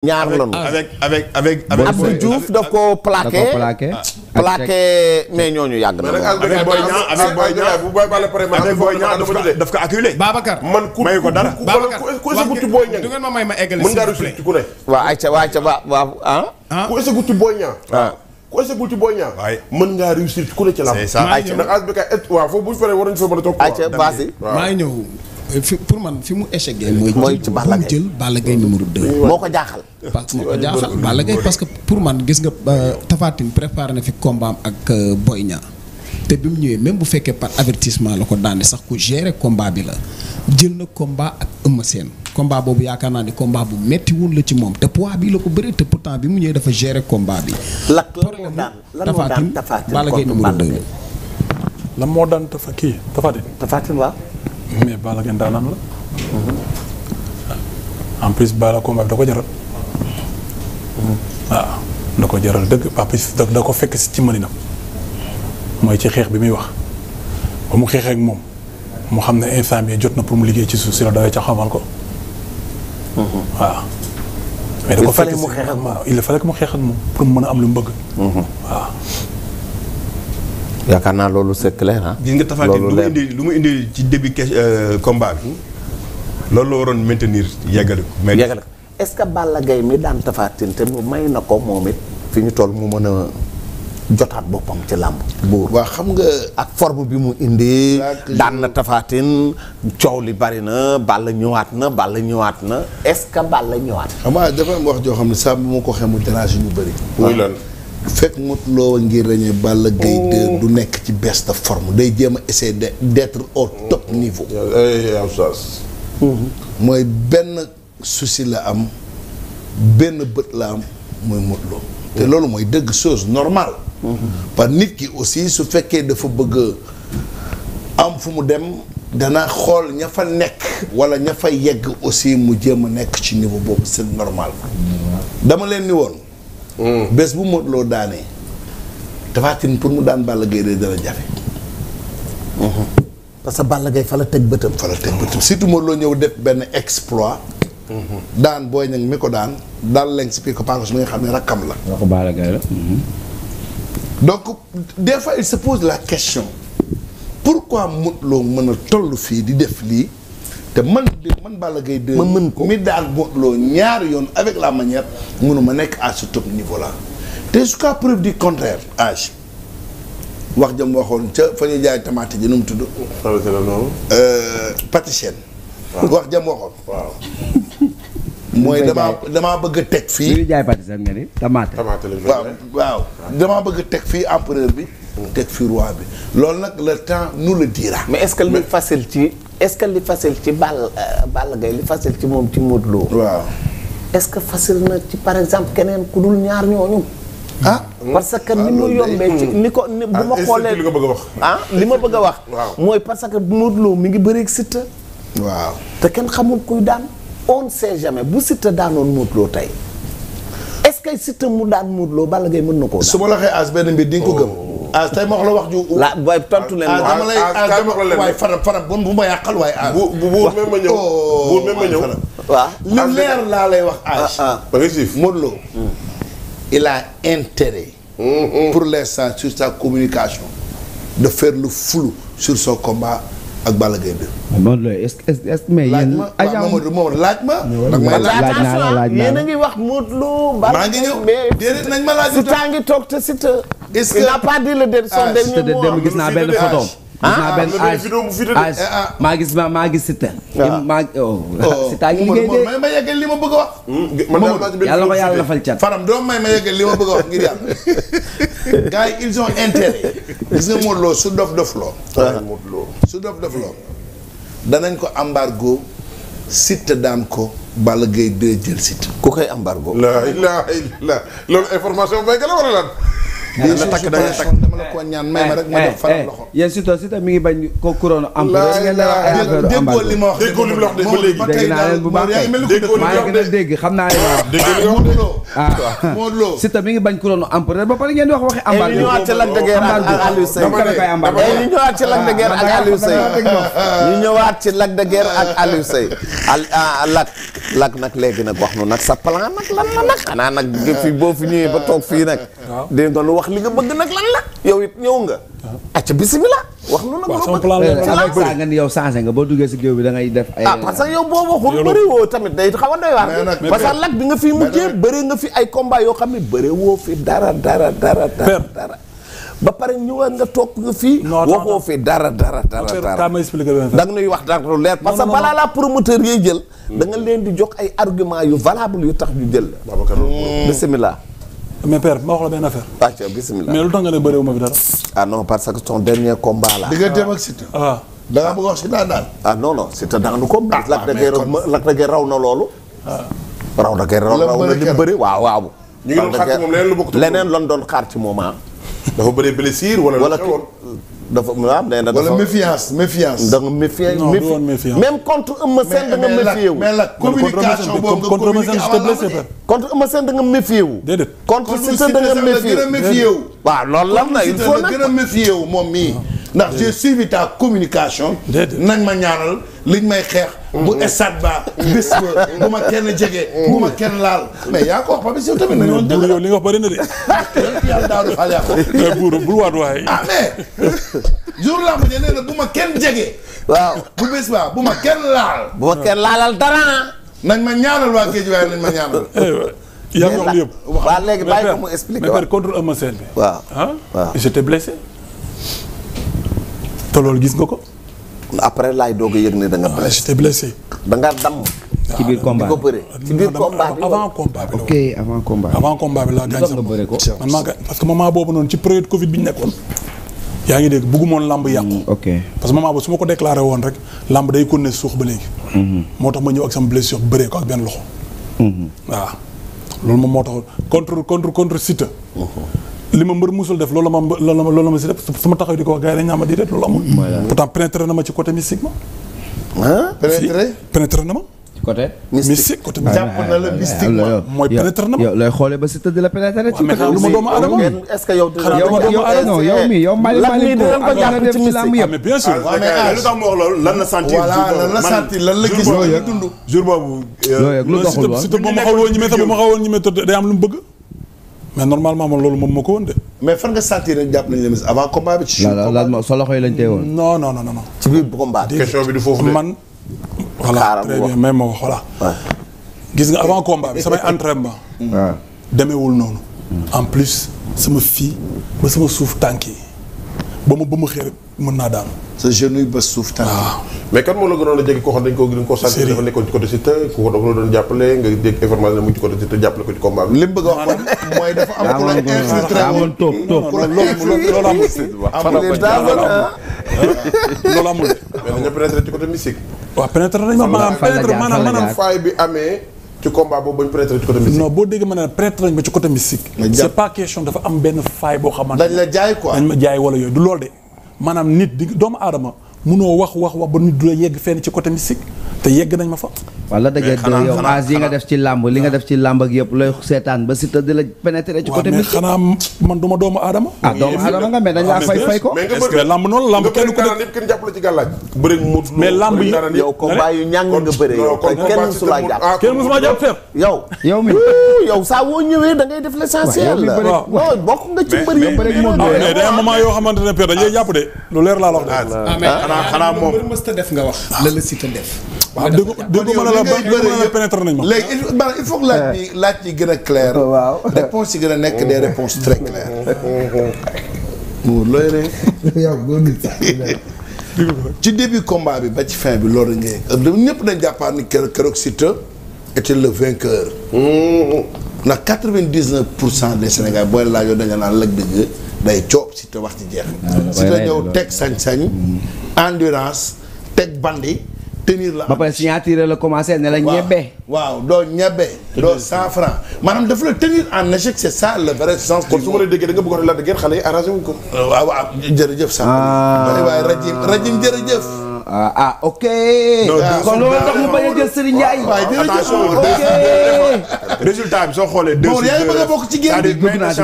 ñaar lanu avec avec avec. avec Abdou Diouf daf ko plaqué. plaqué ah. mais ñooñu yàgg na. avec Boy Niang avec Boy Niang bu Boy Balla pare ma avec Boy Niang dama tuddee daf ko acculé. Babacar man ku may ko dara. Babacar ku ësëgutu Boy Niang du ngeen ma may ma eggale mën ngaa rusu ci ku ne. waaw ayca waa ayca waa waaw ah? ah. ku ësëgutu Boy Niang. waaw ah. ku ësëgul ci Boy Niang. waay mën ngaa réussir ci ku ne ci la. c'est ça ayca nag ASBK waaw foofu bu ñu paree waroon fa mën a toog. ayca baasi maa ngi ñëw fi pour man fi mu échec. mooy ci Balla Gaye jël Balla Gaye numéro 2. moo ko jaaxal. parce que moo ko jaaxal Balla Gaye parce que pour man gis nga Tapha Tine na fi combat ak euh, Boy Niang te bi mu ñëwee même bu fekkee par avertissement la ko daane sax ku gérer combat bi la jël na combat ak Eumeu Sène combat boobu yaakaar naa ni combat bu metti woon la ci moom te poids bi la ko bëree te pourtant bi mu ñëwee dafa gérer combat bi. lakk lan moo daan Tapha la. moo daan Tapha mais Balla Gaye ndaanaan la. Ah. en plus Balla combat bi da ko jaral. waaw ah, da ko jaral dëgg en da ko fekk ci mëninam mooy ci xeex bi muy wax ba mu xeexee ak moom moo xam ne instant jot na pour mu liggéey ci suuf si la dawee ca xamal ko. waaw. Mm-hmm. Ah. mais da ko fekk si il fallait mu xeex moom pour mu mën a am lu mu bëgg. waaw. Mm-hmm. yaakaar naa loolu c'est clair ah. nga Tapha Tine lu lu mu indi ci début euh, combat bi loolu la waroon maintenir yeggale ko. mais est-ce que Balla Gaye mi daan Tapha Tine te may na ko moom it fi ñu toll mu mën a jotaat boppam ci làmb. buur waaw xam nga. ak forme bi mu indi. daan na Tapha coow li bari na Balla ñëwaat na Balla ñëwaat na est-ce que Balla ñëwaat. xam nga dafa am wax joo xam ne saa bu ko xemu mu dérange ñu bëri. muy lan fekk Modou Lo ngir ràññee Balla Gaye oh. du nekk ci baisse de forme day jéem a essayer de d'être au top niveau. Mm-hmm. mooy benn souci la am benn bët la am mooy Modou te loolu mooy dëgg chose normale. Mm-hmm. par nit ki aussi su fekkee dafa bëgg am fu mu dem dana xool ña fa nekk wala ña fa yegg aussi mu jéem a nekk ci niveau boobu c'est normal mm-hmm. dama leen ni woon. Mm. bés bu Modou loo daanee Tapha pour mu daan Balla Gaye de dana jafe. Mm-hmm. parce que Balla gay fa la teg bëtam. fa la teg bëtam surtout Modou Lo ñëw def benn exploit. Mm-hmm. daan booy ña mi ko daan daan leen si ko pancos mi nga xam ne rakkam la. la. Mm-hmm. donc des fois il se pose la question pourquoi Modou loo mën a toll fii di def lii. te man man Balla Gaye ma mën ko mi daal Modou Lo ñaari yoon avec la manière ma nekk à ce top niveau là te jusqu'à preuve du contraire âge wax jëm waxoon ca fa ñuy jaay tamaate ji nu mu tudd. Euh, pâtissier. wax jëm waxoon. waaw. mooy damaa bëgg teg fii. li jaay pâtissier nga ni tamaate. tamaate bëgg teg fii empereur bi. Hmm. teg fii roi bi loolu nag la temps nous le dira. mais est-ce ci. est-ce que li facile ci Balla euh, Balla Gaye li facile ci moom ci Modou Lo. waaw est-ce que facile na ci par exemple keneen ku dul ñaar ñooñu. ah parce que ni ah, mu yombee ci ni ko ni bu ah, ma xoolee li bëgg a wax. Ah, li ma bëgg a wax. mooy parce que Modou Lo mi ngi bëreeg Siteu. waaw te kenn xamul kuy daan on sait jamais bu Siteu daanoon Modou Lo tey est-ce mu daan Modou Lo Balla Gaye mën na koo su ma la xee as benn mbir di ko gëm. Oh. ah tey ma wax la wax la waaye tontu leen. ah dama ah, ah, bu ma yàqal waaye. Ah. bu bu buur même ma ñëw oh, buur même ma ñëw. waaw lu leer laa lay wax. ah ah ba nga siif Modou Lo hmm. il a intérêt. Hmm, hmm. pour sur sa communication. de faire le sur son combat ak Balla Lo est-ce laaj ma ma laaj ma. yéen a ngi wax Modou Lo. maa ngi ñëw nañ ma laaj. si taa ngi toog te si te. est-ce n'a pas dit le de son ah, dernier dem gis naa benn photo gis naa ah, ah, maa gis ma maa gis Siteu. waaw maa Siteu oh. oh. ngi liggéey de. a hmm? yàlla ko yàlla defal cat. Fadam doo may ma yeggal li ma bëgg a wax ngir yàlla. gars yi ils ont intérêt. gis nga Modou Lo loo. su dof dof loo. danañ ko embargo Siteu daan ko. Balla Gaye 2 jël Siteu. ku koy embargo. la ilaha illallah loolu information béykat la wala lan. lii su takk da dama la ko eh, eh, eh. mi ngi bañ ko couronne am. ma wax déggoo li ba léegi. dégg naa a dégg xam naa leen wax. déggoo li ah. ah. surtout ngeen di wax waxi ambaar. ñu ah, ñëwaat ci Lac de Guiers ak Aliou Seye ñu ñëwaat ci Lac de Guiers ak Aliou nag léegi nag wax nu nag sa plan nag nag xanaa nag boo fi ñëwee ba toog fii nag waaw dégg nga wax li nga bëgg nag lan la yow it ñëw nga. waaw acca bisimilah. wax nu nag loo bëgg ci lan saa nga ni yow changé nga boo duggee si géew bi dangay ngay def. ay ah parce que yow boo waxul bëri tamit day xaw a doy waar. parce que lak bi nga fi mujjee bëri nga fi ay combat yoo xam ne bëri woo fi dara dara dara ba pare ñëwaat nga toog fii. waxoo fi dara dara dara dara. da nga nuy wax dara lu leer. parce que balaa la promoteur yiy jël. danga mm. leen di jox ay argument yu valable yu tax ñu jël la. Mm. bisimilah. mais père ma wax la benn affaire. ayca bisimilah mais lu tax nga ne bëriwuma fi dara. ah non parce que son dernier combat la. digganteem ah. ah daanu ko. ah waaw mais raw na loolu. Ah. raw na kay raw na li mu bëri waaw waaw. ñu ngi doon ci moom leneen lu bokk leneen lan doon xaar ci moom dafa bëri blessure wala. dafa waaw nee na dafa wala méfiance méfiance. da nga méfier même contre Eumeu Sène da nga méfier wu. mais la communication boobu nga communiqué awa contre Eumeu Sène da wu. déedéet contre Siteu da nga wu waaw loolu la il faut nag gën a méfier wu moom mii. ndax j'ai suivi ta communication. nañ ma ñaaral liñ may xeex. bu mm-hmm. stade ba bés ba bu ma kenn jege. bu ma kenn laal. mais yaa ko wax Papis na de. Euh, ah, bu ma kenn jege. waaw bu bés ba bu ma kenn laal. bu ma kenn laalal dara. nañ ma ñaanal waa géej waaye nañ ma ñaanal. Eh, yaa ngi wax yëpp. waaw léegi bàyyi ko mu expliqué waaw mais contre bi. waaw ah? waaw j'étais blessé. te loolu gis nga ko. après laay doog a yëg ne da nga ah, blessé. j'étais blessé. da nga damm. ci biir ah, combat bi ci biir combat bi avant combat bi la ok avant combat bi avant combat bi la gaañ sax man maa parce que moment boobu noonu ci période Covid bi ñu nekkoon. yaa ngi dégg bëggumoon lamb yàqu. Mm, ok parce que moment boobu su ma ko déclaré woon rek lamb day continuer suux ba léegi. Mm-hmm. moo tax ma ñëw ak sama blessure bëree ko ak benn loxo. Mm-hmm. waaw loolu moom moo tax contre contre contre Siteu. Mm-hmm. li ma mbër musul def loolu la ma si def su ma taxaw di ko wax gars yi dañ naa ma di loolu amul. pourtant pénétré na ma ci côté mystique ma. ah na ma. côté mystique côté jàpp na la ah, ah, mystique ah, mooy pénétré na ma. la pénétré. ci côté lu ma la dem ci làmb yëpp. loolu si te bu ma xawoon ñi may te bu ma xawoon ñi may te day am lu mu bëgg mais normalement man loolu moom moo ko woon de. mais fan nga sentir rek jàpp nañu ne avant combat bi. ci sa loxo yi lañ tey woon. non non gis nga avant combat bi demeewul noonu. en plus sama fii ba sama suuf tànk yi. ba ma ba ma xëy rek mën naa daanu. sa genou ba suuf tànk. waaw mais kan moo la gënoon a jege koo xam dañ ko dañ ko sant dafa nekkoon ci côté doon jàppale nga dégg information ne ci côté Siteu jàppale ko ci combat bi. li mu bëgg a wax kon mooy a am a la a woon toog toog loolu amul amul loolu amul mais a pénétré a côté a waaw pénétré nañ bi amee ci combat boobu ba ñu prêtre ci côté mystique. non boo déggee ma ne la prêtre lañ ma ci côté mystique. c'est pas dafa am benn faay boo xamante dañ la jaay quoi dañ ma jaay wala yooyu du loolu de maanaam nit di doomu aadama munoo wax wax wax ba nit du yegg fenn ci côté mystique te yegg nañ ma fa. wala da nga yow as yi nga def ci làmb li nga def ci làmb yëpp looy seetaan ba Siteu di la pénétrer ci côté. waaw mais xanaa man du ma doomu aadama. ah doomu aadama nga ko. est-ce que noonu làmb kenn ku nekk kenn jàppale ci gàllaaj. bëri mu mais làmb yi nga bëre yow kenn musu laa jàpp. kenn yow yow mi yow saa woo ñëwee da ngay def l'essentiel. waaw bokk nga ci mbër yoo xamante ne per dañuy jàpp de lu leer laa la wax de. ah mais xanaa moom mbër mësta def nga wax la la Siteu def waaw dégg dégg ma ne la ba la il faut laaj bi eh. laaj yi gën a clair. waaw réponse yi gën a nekk de réponses très claires. Mour looy ne. ci début combat bi ba ci fin bi loolu ngay. ñëpp nañ jàppaar ni keroog Siteu était le vainqueur. Mm-hmm. ndax quatre vingt dix pour cent des Sénégal booy laajoo dañu naan lëg dëgg day coob Siteu wax ci jeex. waaw si la ñëw teg sañ-sañ. endurance teg bandi. tenir la. ba pare signature la commencé ne la waaw doo ñebe. doo cent franc maanaam daf la tenir en échec c' est ça le vrai sens. kon su ma la déggee da nga bëggoon a laajte gerte xale yi arrangé wuñ ko. Euh, waaw waaw jërëjëf. sànq waaye ah. waaye rajim rajim jërëjëf. ah, ah ok. Ah, kon loolu tax mu bañ a jël Serigne Ndiaye. waaw jërëjëf ok. résultat bi soo xoolee. deux yaa ngi bëgg a bokk ci génn. dugg naa ci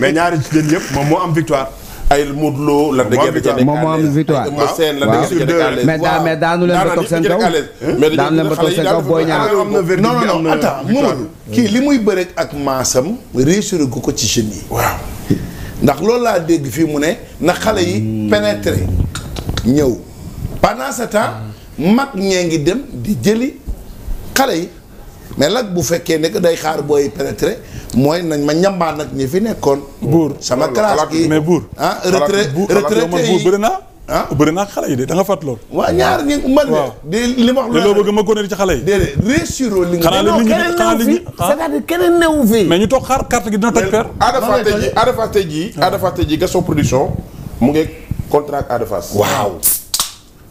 mais ñaari jën yëpp moom moo am victoire. ay Modou Lo la dëgg yàlla. moom moo am victoire waaw waaw mais daa mais daanu leen ba toog seen kaw. daanu leen ba toog seen kaw booy ñaar. non non non attends Momadou. kii li muy bëreeg ak maasam. réussir gu ko ci jeunes yi. waaw ndax loolu laa dégg fii mu ne na xale yi pénétrer ñëw pendant ce temps mag ñee ngi dem di jëli xale yi mais lag bu fekkee ne day xaar booy pénétrer. mooy nañ ma ñambaan nag ñi fi nekkoon. buur sama classe gi mais buur. ah retraité retraité yi bëri naa. ah bëri naa xale yi de da nga fàtt lool. waaw ñaar ñi man de. li ma wax loolu loo bëgg ma góone ci xale yi. déedéet réussiroo li nga. xanaa li ñu xanaa li ñu c'est-à-dire keneen newu fi. mais ñu toog xaar carte gi dina toj per. Ada Fass tey jii Ada Fass tey jii Gaston Production mu ngi contrat Ada Fass waaw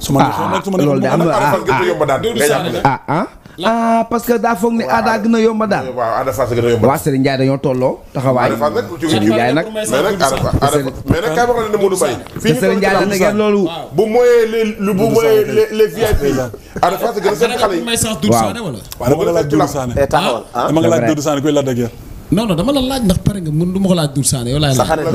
loolu de am na ah, ah ah, ah parce daa foog ne aada a yomba daal. waaw aada faas gën a a seen xale yi waaw. Eh, ah, dama la laaj Doudou ndax pare nga mën du ma ko laaj Doudou Sané yow laay laaj. da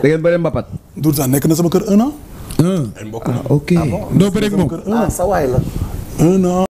ngeen bëri mbapat da nekk na sama kër un Ah, ah, un. ah ok doo bëri moom ah